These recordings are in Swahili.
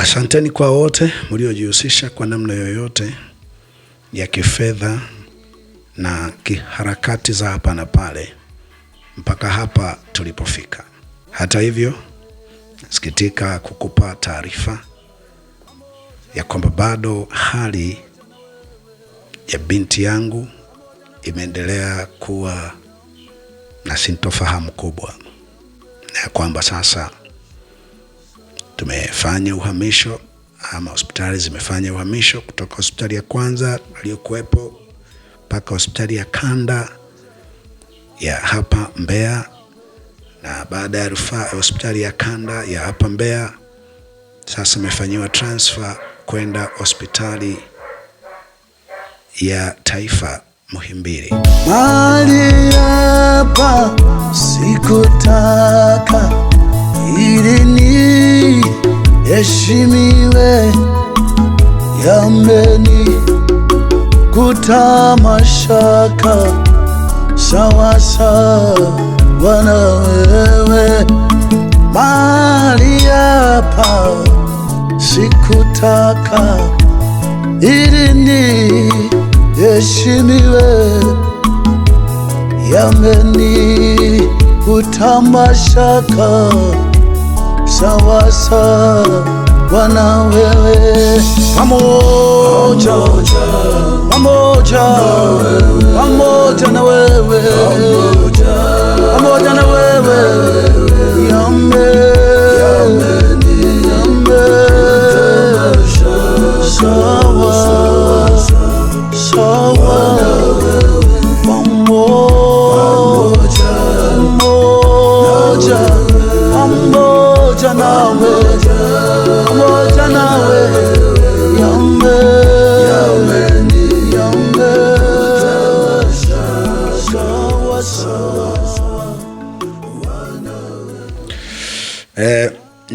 Asanteni kwa wote mliojihusisha kwa namna yoyote ya kifedha na kiharakati za hapa na pale mpaka hapa tulipofika. Hata hivyo, nasikitika kukupa taarifa ya kwamba bado hali ya binti yangu imeendelea kuwa na sintofahamu kubwa na ya kwamba sasa tumefanya uhamisho ama hospitali zimefanya uhamisho kutoka hospitali ya kwanza aliyokuwepo mpaka hospitali ya kanda ya hapa Mbeya, na baada ya rufaa hospitali ya kanda ya hapa Mbeya sasa imefanyiwa transfer kwenda hospitali ya taifa Muhimbili. Mali hapa sikutaka ili Heshimiwe yambeni kutamashaka sawasa na wewe mali yapa sikutaka ili ni heshimiwe yambeni kutamashaka sawa sawa Bwana wewe pamoja pamoja pamoja na wewe pamoja na wewe yame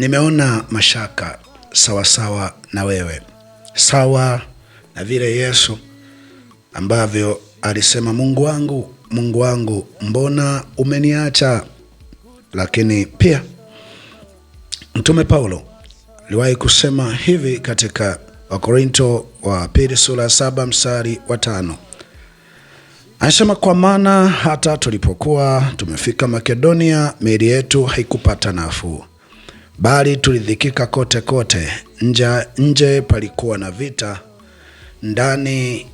nimeona mashaka sawasawa sawa na wewe, sawa na vile Yesu ambavyo alisema, Mungu wangu, Mungu wangu, mbona umeniacha? Lakini pia Mtume Paulo aliwahi kusema hivi katika Wakorinto wa pili sura ya saba mstari wa tano anasema, kwa maana hata tulipokuwa tumefika Makedonia, miili yetu haikupata nafuu bali tulidhikika kote kote. Nje, nje palikuwa na vita, ndani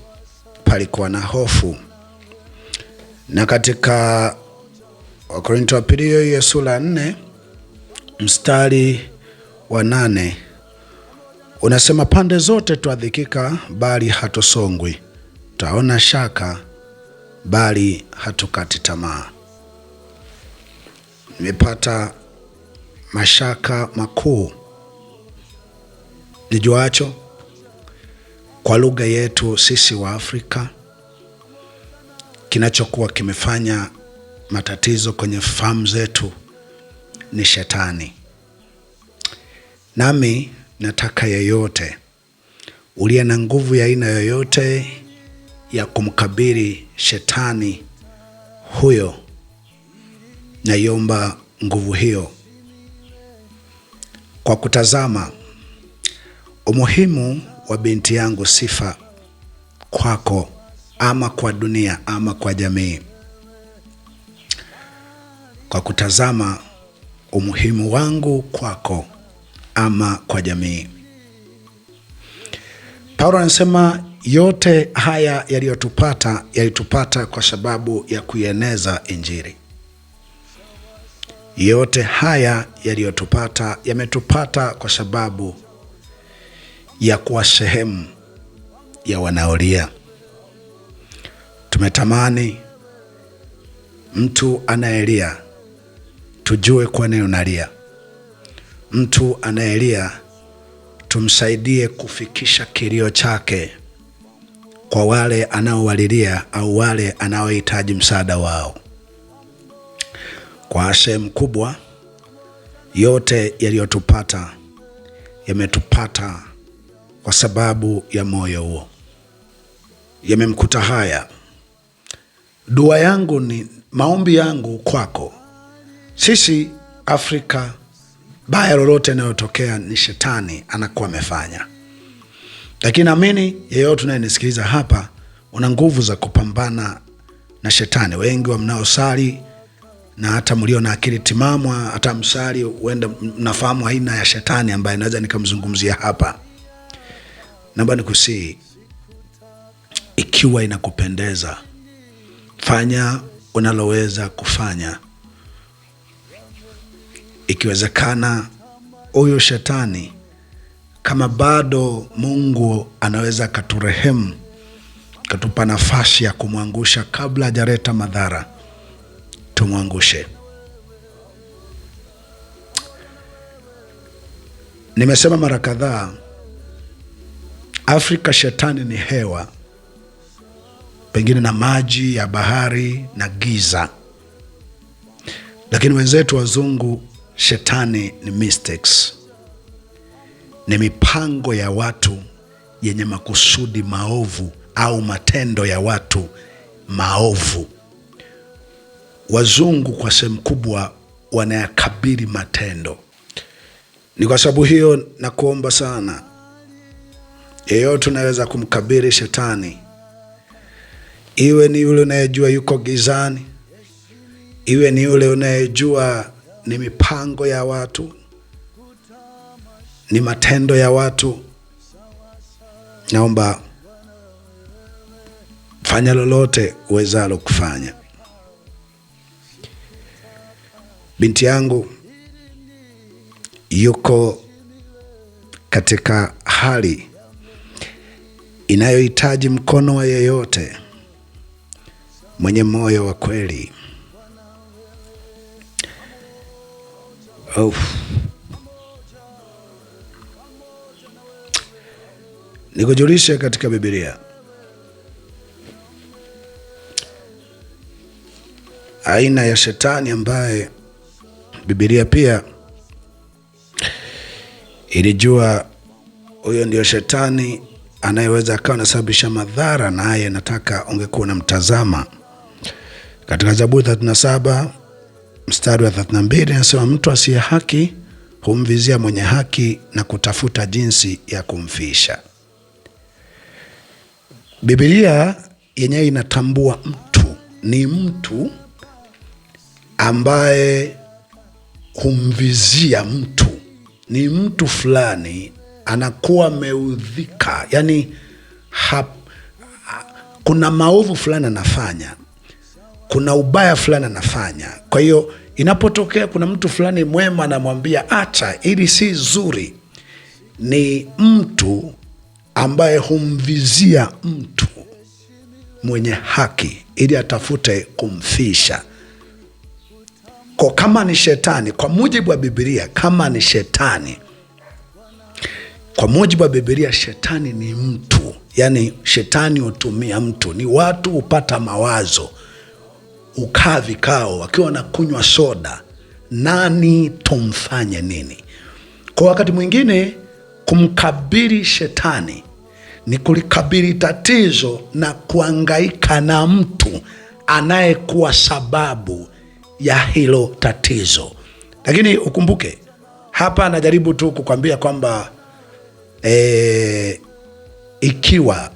palikuwa na hofu. Na katika Wakorinto wa pili hiyo sura nne mstari wa nane unasema, pande zote twadhikika, bali hatusongwi, twaona shaka, bali hatukati tamaa. Nimepata mashaka makuu nijuacho kwa lugha yetu sisi wa Afrika, kinachokuwa kimefanya matatizo kwenye famu zetu ni shetani. Nami nataka yeyote uliye na nguvu ya aina yoyote ya kumkabili shetani huyo, naiomba nguvu hiyo kwa kutazama umuhimu wa binti yangu Sifa kwako ama kwa dunia ama kwa jamii, kwa kutazama umuhimu wangu kwako ama kwa jamii. Paulo anasema yote haya yaliyotupata yalitupata kwa sababu ya kuieneza Injili. Yote haya yaliyotupata yametupata kwa sababu ya kuwa sehemu ya wanaolia. Tumetamani mtu anayelia tujue kwa nini unalia. Mtu anayelia tumsaidie kufikisha kilio chake kwa wale anaowalilia au wale anaohitaji msaada wao. Kwa sehemu kubwa yote yaliyotupata yametupata kwa sababu ya moyo huo, yamemkuta haya. Dua yangu ni maombi yangu kwako, sisi Afrika, baya lolote inayotokea ni shetani anakuwa amefanya, lakini naamini yeyote unayenisikiliza hapa una nguvu za kupambana na shetani. Wengi wa mnaosali na hata mlio na akili timamu, hata msali uende, mnafahamu aina ya shetani ambaye naweza nikamzungumzia hapa. Naomba nikusii, ikiwa inakupendeza, fanya unaloweza kufanya. Ikiwezekana huyo shetani, kama bado Mungu anaweza akaturehemu, katupa nafasi ya kumwangusha kabla hajaleta madhara tumwangushe. Nimesema mara kadhaa, Afrika shetani ni hewa, pengine na maji ya bahari na giza, lakini wenzetu wazungu, shetani ni mystics, ni mipango ya watu yenye makusudi maovu au matendo ya watu maovu wazungu kwa sehemu kubwa wanayakabili matendo. Ni kwa sababu hiyo nakuomba sana, yeyote unaweza kumkabili shetani, iwe ni yule unayejua yuko gizani, iwe ni yule unayejua ni mipango ya watu, ni matendo ya watu, naomba fanya lolote uwezalo kufanya Binti yangu yuko katika hali inayohitaji mkono wa yeyote mwenye moyo wa kweli. Uf. Nikujulishe katika Biblia aina ya shetani ambaye Biblia pia ilijua huyo ndio shetani anayeweza akawa anasababisha madhara, naye nataka ungekuwa unamtazama katika Zaburi 37 mstari wa 32, anasema mtu asiye haki humvizia mwenye haki na kutafuta jinsi ya kumfisha. Biblia yenyewe inatambua mtu ni mtu ambaye kumvizia mtu ni mtu fulani anakuwa ameudhika, yani hap, kuna maovu fulani anafanya, kuna ubaya fulani anafanya. Kwa hiyo inapotokea kuna mtu fulani mwema anamwambia acha, ili si zuri, ni mtu ambaye humvizia mtu mwenye haki ili atafute kumfisha. Kwa kama ni shetani, kwa mujibu wa Biblia, kama ni shetani, kwa mujibu wa Biblia, shetani ni mtu, yani shetani hutumia mtu, ni watu hupata mawazo, ukaa vikao, wakiwa na kunywa soda, nani tumfanye nini? Kwa wakati mwingine kumkabili shetani ni kulikabili tatizo na kuangaika na mtu anayekuwa sababu ya hilo tatizo. Lakini ukumbuke hapa najaribu tu kukwambia kwamba e, ikiwa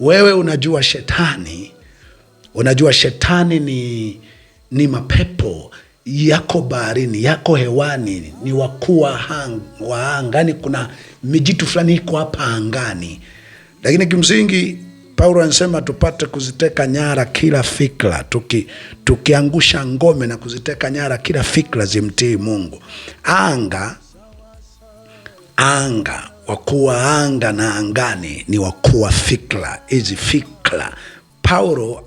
wewe unajua shetani, unajua shetani ni, ni mapepo yako baharini, yako hewani, ni wakuu wa angani. Kuna mijitu fulani iko hapa angani, lakini kimsingi Paulo anasema tupate kuziteka nyara kila fikra, tuki, tukiangusha ngome na kuziteka nyara kila fikra zimtii Mungu. Anga anga, wakuu wa anga na angani ni wakuu wa fikra. Hizi fikra Paulo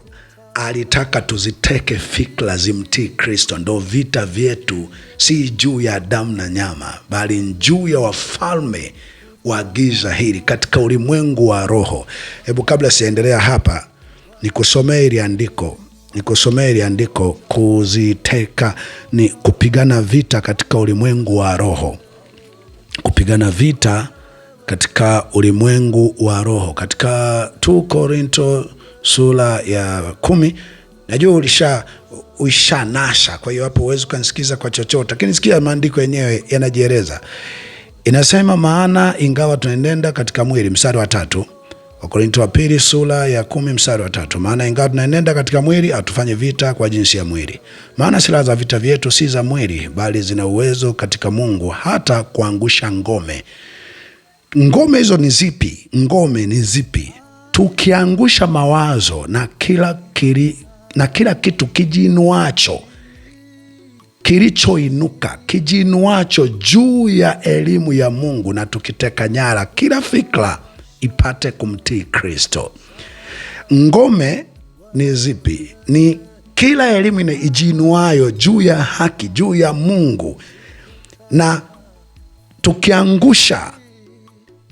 alitaka tuziteke fikra zimtii Kristo. Ndo vita vyetu si juu ya damu na nyama, bali juu ya wafalme wa giza hili katika ulimwengu wa roho. Hebu kabla siendelea hapa, nikusomee ili andiko nikusomee ili andiko kuziteka ni kupigana vita katika ulimwengu wa roho, kupigana vita katika ulimwengu wa roho, katika 2 Korinto sura ya kumi. Najua ulisha uishanasha, kwa hiyo hapo huwezi ukanisikiza kwa chochote, lakini sikia maandiko yenyewe yanajieleza. Inasema maana ingawa tunaenenda katika mwili, mstari wa tatu, Wakorintho wa pili sura ya kumi mstari wa tatu, maana ingawa tunaenenda katika mwili hatufanye vita kwa jinsi ya mwili, maana silaha za vita vyetu si za mwili, bali zina uwezo katika Mungu hata kuangusha ngome. Ngome hizo ni zipi? Ngome ni zipi? Tukiangusha mawazo na kila, kiri, na kila kitu kijinuacho kilichoinuka kijinuacho juu ya elimu ya Mungu na tukiteka nyara kila fikra ipate kumtii Kristo. Ngome ni zipi? Ni kila elimu ijinuayo juu ya haki, juu ya Mungu, na tukiangusha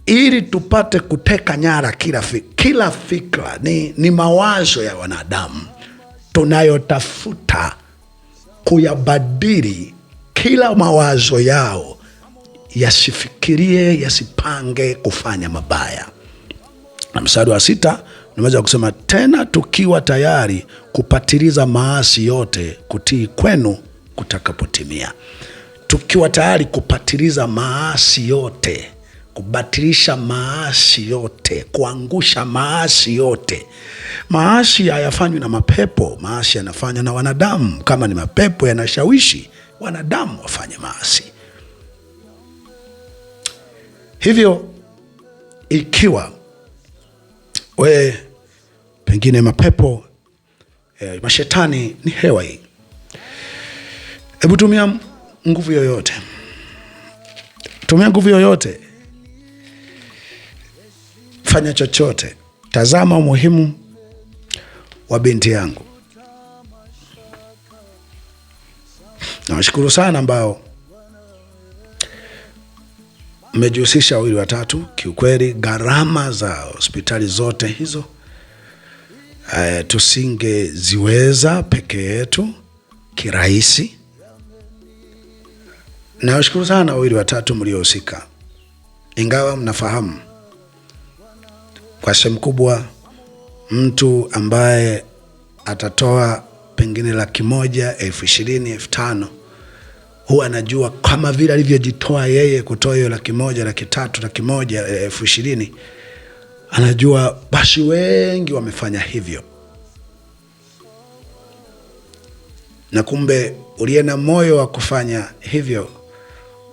ili tupate kuteka nyara kila fikra. Kila fikra ni, ni mawazo ya wanadamu tunayotafuta kuyabadili kila mawazo yao, yasifikirie yasipange kufanya mabaya. Na mstari wa sita unaweza kusema tena, tukiwa tayari kupatiliza maasi yote kutii kwenu kutakapotimia. Tukiwa tayari kupatiliza maasi yote kubatilisha maasi yote, kuangusha maasi yote. Maasi hayafanywi na mapepo, maasi yanafanywa na wanadamu. Kama ni mapepo yanashawishi wanadamu wafanye maasi. Hivyo ikiwa we pengine mapepo e, mashetani ni hewa hii, hebu tumia nguvu yoyote, tumia nguvu yoyote fanya chochote, tazama umuhimu wa binti yangu. Nawashukuru sana ambao mmejihusisha wawili watatu. Kiukweli, gharama za hospitali zote hizo uh, tusingeziweza peke yetu kirahisi. Nawashukuru sana wawili watatu mliohusika, ingawa mnafahamu kwa sehemu kubwa mtu ambaye atatoa pengine laki moja elfu ishirini elfu tano huwa anajua kama vile alivyojitoa yeye kutoa hiyo laki moja laki tatu laki moja elfu ishirini anajua basi wengi wamefanya hivyo na kumbe uliye na moyo wa kufanya hivyo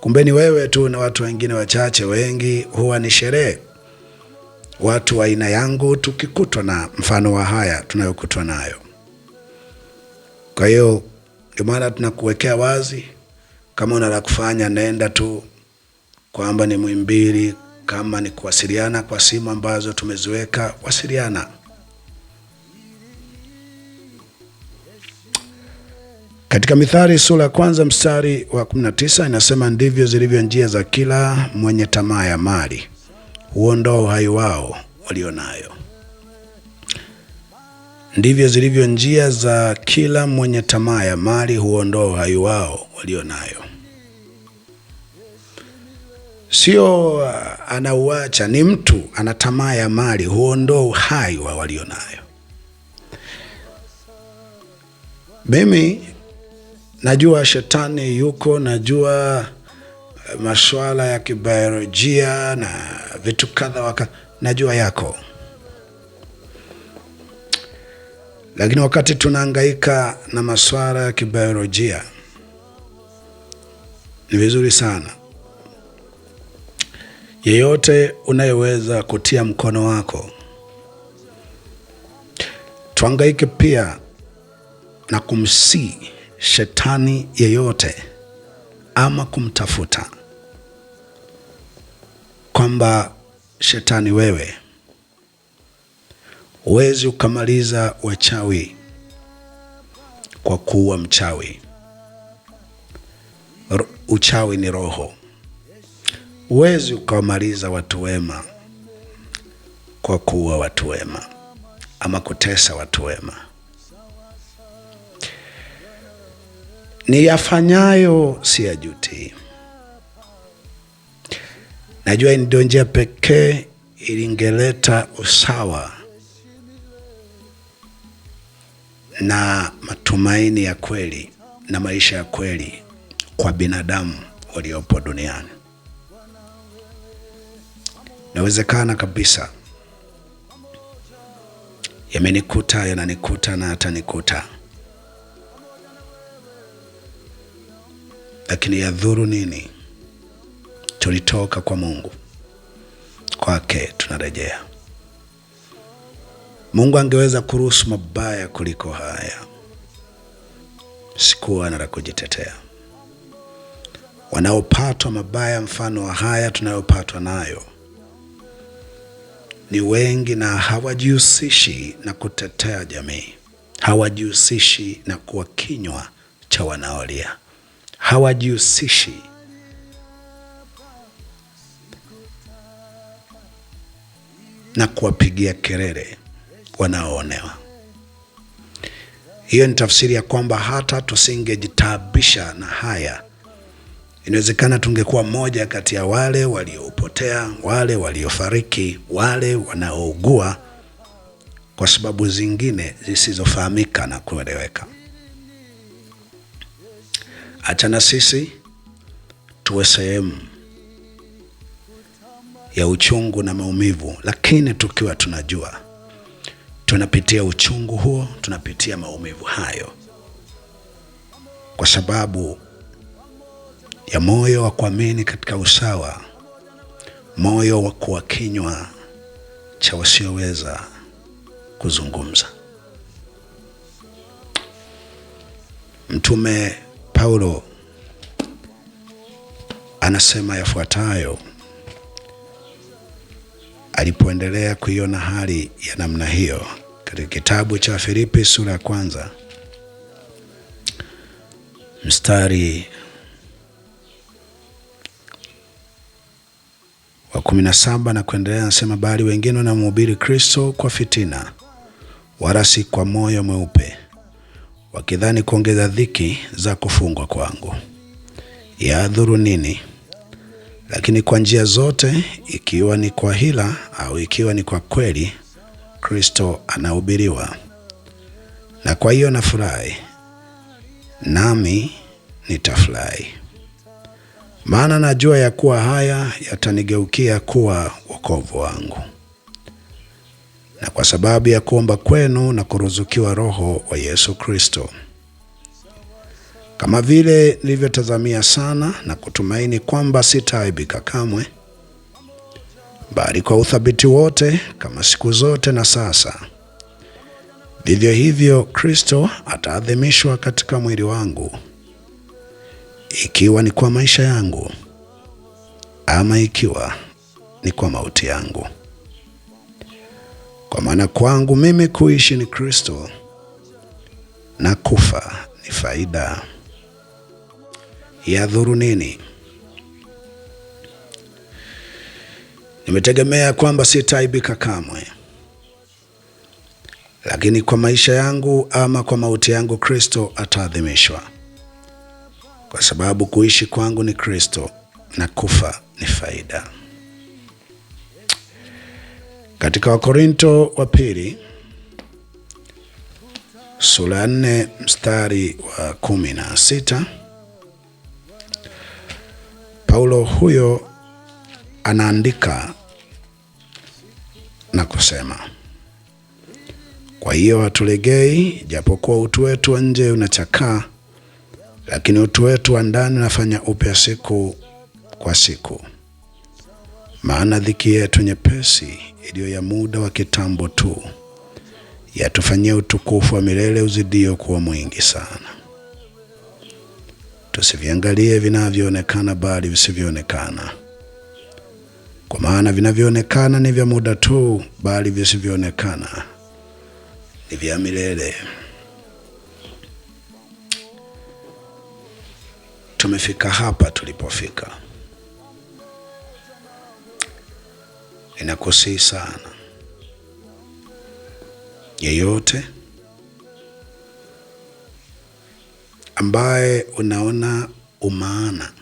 kumbe ni wewe tu na watu wengine wachache wengi huwa ni sherehe watu wa aina yangu tukikutwa na mfano wa haya tunayokutwa nayo. Kwa hiyo ndio maana tunakuwekea wazi, kama una la kufanya nenda tu, kwamba ni Muhimbili, kama ni kuwasiliana kwa simu ambazo tumeziweka, wasiliana. Katika Mithali sura ya kwanza mstari wa 19 inasema, ndivyo zilivyo njia za kila mwenye tamaa ya mali huondoa uhai wao walionayo. Ndivyo zilivyo njia za kila mwenye tamaa ya mali, huondoa uhai wao walionayo. Sio uh, anauacha, ni mtu ana tamaa ya mali, huondoa uhai wa walionayo. Mimi najua shetani yuko, najua masuala ya kibiolojia na vitu kadha waka, najua yako, lakini wakati tunaangaika na masuala ya kibiolojia ni vizuri sana yeyote unayeweza kutia mkono wako, tuangaike pia na kumsii shetani yeyote ama kumtafuta kwamba shetani, wewe huwezi ukamaliza wachawi kwa kuua mchawi. Uchawi ni roho. Huwezi ukamaliza watu wema kwa kuua watu wema ama kutesa watu wema. Niyafanyayo siyajuti. Najua ndio njia pekee ilingeleta usawa na matumaini ya kweli na maisha ya kweli kwa binadamu waliopo duniani. nawezekana kabisa, yamenikuta, yananikuta na nikuta, lakini yadhuru nini tulitoka kwa Mungu, kwake tunarejea. Mungu angeweza kuruhusu mabaya kuliko haya. Sikuwa na la kujitetea. Wanaopatwa mabaya mfano wa haya tunayopatwa nayo ni wengi, na hawajihusishi na kutetea jamii, hawajihusishi na kuwa kinywa cha wanaolia, hawajihusishi na kuwapigia kelele wanaoonewa. Hiyo ni tafsiri ya kwamba hata tusingejitaabisha na haya, inawezekana tungekuwa moja kati ya wale waliopotea, wale waliofariki, wale wanaougua kwa sababu zingine zisizofahamika na kueleweka. Acha na sisi tuwe sehemu ya uchungu na maumivu, lakini tukiwa tunajua tunapitia uchungu huo, tunapitia maumivu hayo kwa sababu ya moyo wa kuamini katika usawa, moyo wa kuwa kinywa cha wasioweza kuzungumza. Mtume Paulo anasema yafuatayo Alipoendelea kuiona hali ya namna hiyo, katika kitabu cha Filipi sura ya kwanza mstari wa kumi na saba na kuendelea, anasema bali wengine wanamhubiri Kristo kwa fitina, wala si kwa moyo mweupe, wakidhani kuongeza dhiki za kufungwa kwangu. Yadhuru nini? Lakini kwa njia zote, ikiwa ni kwa hila au ikiwa ni kwa kweli, Kristo anahubiriwa. Na kwa hiyo nafurahi, nami nitafurahi, maana najua ya kuwa haya yatanigeukia kuwa wokovu wangu. Na kwa sababu ya kuomba kwenu na kuruzukiwa Roho wa Yesu Kristo kama vile nilivyotazamia sana na kutumaini kwamba sitaaibika kamwe, bali kwa uthabiti wote, kama siku zote na sasa, vivyo hivyo Kristo ataadhimishwa katika mwili wangu, ikiwa ni kwa maisha yangu ama ikiwa ni kwa mauti yangu, kwa maana kwangu mimi kuishi ni Kristo na kufa ni faida dhuru nini? Nimetegemea kwamba sitaaibika kamwe, lakini kwa maisha yangu ama kwa mauti yangu Kristo ataadhimishwa, kwa sababu kuishi kwangu ni Kristo na kufa ni faida. Katika Wakorinto wa pili sura ya nne mstari wa kumi na sita Paulo huyo anaandika na kusema, kwa hiyo hatulegei, japokuwa utu wetu wa nje unachakaa, lakini utu wetu wa ndani unafanya upya siku kwa siku, maana dhiki yetu nyepesi iliyo ya muda wa kitambo tu yatufanyia utukufu wa milele uzidio kuwa mwingi sana tusiviangalie vinavyoonekana bali visivyoonekana, kwa maana vinavyoonekana ni vya muda tu, bali visivyoonekana ni vya milele. Tumefika hapa tulipofika, ninakusihi sana yeyote ambaye unaona umaana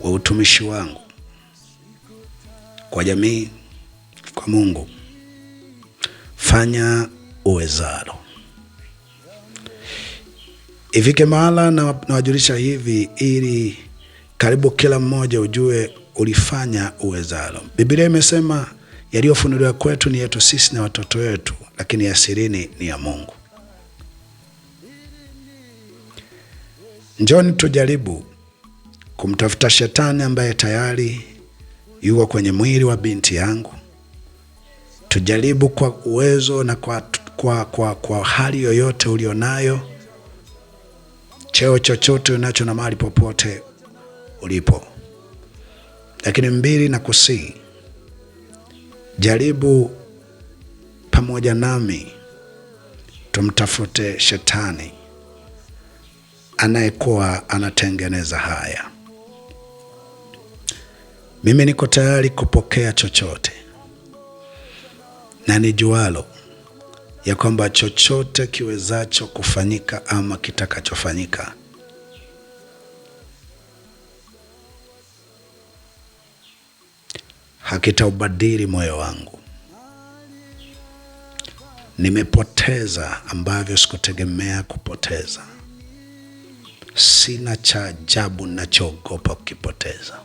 wa utumishi wangu kwa jamii, kwa Mungu. Fanya uwezalo ifike mahala na nawajulisha hivi, ili karibu kila mmoja ujue ulifanya uwezalo. Biblia imesema yaliyofunuliwa kwetu ni yetu sisi na watoto wetu, lakini ya sirini ni ya Mungu. Njoni tujaribu kumtafuta shetani ambaye tayari yuko kwenye mwili wa binti yangu. Tujaribu kwa uwezo na kwa, kwa, kwa, kwa hali yoyote ulionayo, cheo chochote unacho na mahali popote ulipo. Lakini mbili na kusii, jaribu pamoja nami tumtafute shetani anayekuwa anatengeneza haya. Mimi niko tayari kupokea chochote, na nijualo ya kwamba chochote kiwezacho kufanyika ama kitakachofanyika hakitaubadili moyo wangu. Nimepoteza ambavyo sikutegemea kupoteza sina cha ajabu nachoogopa kukipoteza.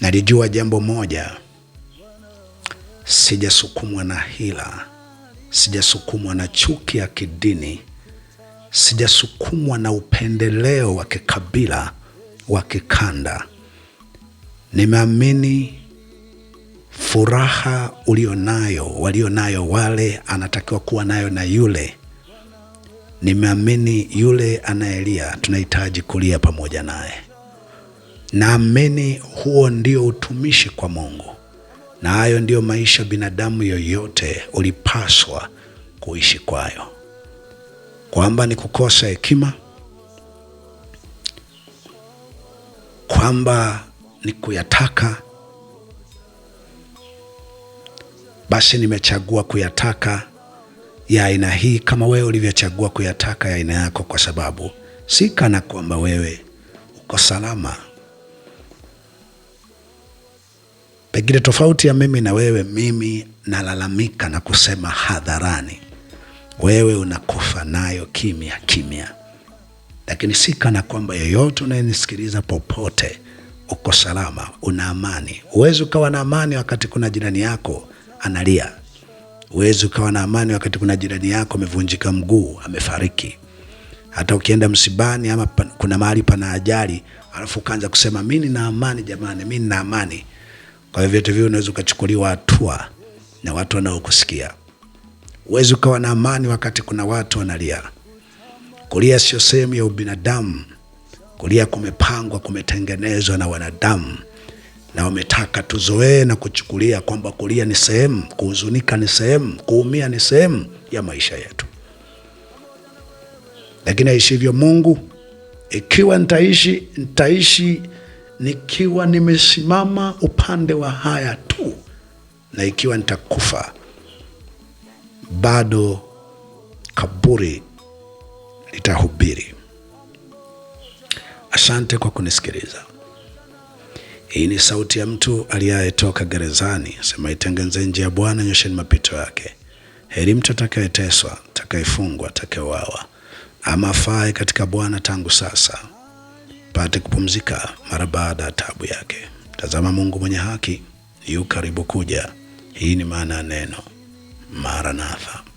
Nalijua jambo moja, sijasukumwa na hila, sijasukumwa na chuki ya kidini, sijasukumwa na upendeleo wa kikabila, wa kikanda. Nimeamini furaha ulionayo walionayo wale anatakiwa kuwa nayo na yule nimeamini yule anayelia tunahitaji kulia pamoja naye. Naamini huo ndio utumishi kwa Mungu, na hayo ndiyo maisha binadamu yoyote ulipaswa kuishi kwayo, kwamba ni kukosa hekima, kwamba ni kuyataka Basi nimechagua kuyataka ya aina hii kama wewe ulivyochagua kuyataka ya aina yako, kwa sababu si kana kwamba wewe uko salama. Pengine tofauti ya mimi na wewe, mimi nalalamika na kusema hadharani, wewe unakufa nayo kimya kimya, lakini si kana kwamba yeyote unayenisikiliza popote uko salama, una amani. Huwezi ukawa na amani wakati kuna jirani yako analia. uwezi ukawa na amani wakati kuna jirani yako amevunjika mguu, amefariki. Hata ukienda msibani ama pan, kuna mahali pana ajali, alafu ukaanza kusema mimi nina amani jamani, mimi nina amani. Kwa hiyo vyote vile unaweza ukachukuliwa hatua na watu wanaokusikia. Uwezi ukawa na amani wakati kuna watu wanalia. Kulia sio sehemu ya ubinadamu. Kulia kumepangwa, kumetengenezwa na wanadamu na wametaka tuzoee na kuchukulia kwamba kulia ni sehemu, kuhuzunika ni sehemu, kuumia ni sehemu ya maisha yetu. Lakini aishivyo Mungu, ikiwa nitaishi, nitaishi nikiwa nimesimama upande wa haya tu, na ikiwa nitakufa bado kaburi litahubiri. Asante kwa kunisikiliza. Hii ni sauti ya mtu aliyetoka gerezani, sema itengeneze njia ya Bwana, nyosheni mapito yake. Heri mtu atakayeteswa, atakayefungwa, atakayeuawa, ama afae katika Bwana tangu sasa, pate kupumzika mara baada ya taabu yake. Tazama, Mungu mwenye haki yu karibu kuja. Hii ni maana ya neno Maranatha.